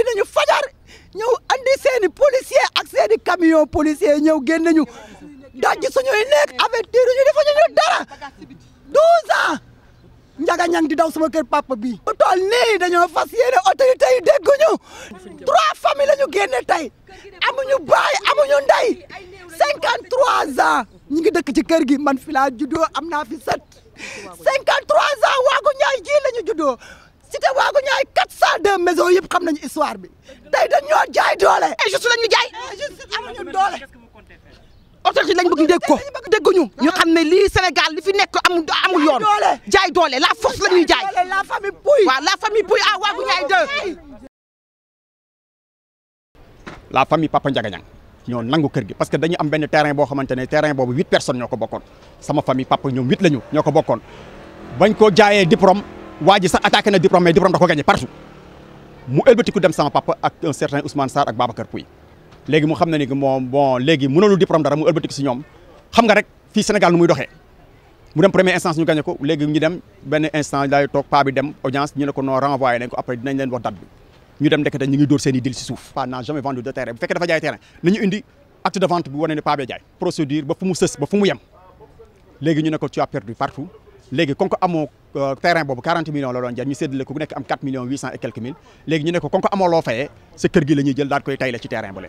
xëy nañu fajar ñëw andi seeni policier ak seeni camion policier ñëw génn nañu dajji suñuy nekk avertir ñu defa ñu dara 12 ans ñan ñang di daw sama kër papa bi bu tool nii dañoo fas yéene autorité yi dégguñu trois familles la ñu génne tey amuñu baay amuñu ndey cinquante trois ans ñu ngi dëkk ci kër gi man fi laa juddoo am naa fi sët cinquante trois waagu ñaay ji ñu juddoo cité waagu ñaay 402 maisons yëpp xam nañu histoire bi tey dañ ñoo jaay doole. ay juste lañ jaay. ay juste amuñu doole. autorité lañ bëgg dégg ko dégguñu ñu xam ne lii Sénégal li fi nekk amul amul yoon jaay doole la force la ñuy jaay. la famille Pouye waaw la famille Pouye ah waagu ñaay 2. la famille Papa Ndiaga ñoo nangu kër gi parce que dañu am benn terrain boo xamante ne terrain boobu huit personnes ñoo ko bokkoon sama famille papa ñoom huit la ñu ñoo ko bokkoon bañ ko jaayee diplôme waa ji sax attaqué na diplôme mais diplôme da ko partout mu ëlbatiku dem sax papa ak un certain Ousmane Sarr ak Babacar Pouy léegi mu xam ne ni moom bon léegi mënalul diplôme dara mu ëlbatiku si ñoom xam nga rek fii Sénégal nu muy doxee mu dem première instance ñu gagné ko léegi ñu dem benn instant laay toog pa dem audience ñu ne ko non renvoyé nañ ko après dinañ leen wax date bi ñu dem ndekete ñu ngi dóor seen i dil si suuf pa n'a jamais vendu de terrain bu fekkee dafa jaay terrain bi wane fu léegi kon ko amoo euh, terrain boobu 40 millions la doon jar ñu séddale ko ku nekk am 4 millions 800 et quelques mille léegi ne ko kon ko loo fayee sa kër gi la ñuy jël daal koy tayle ci terrain bu le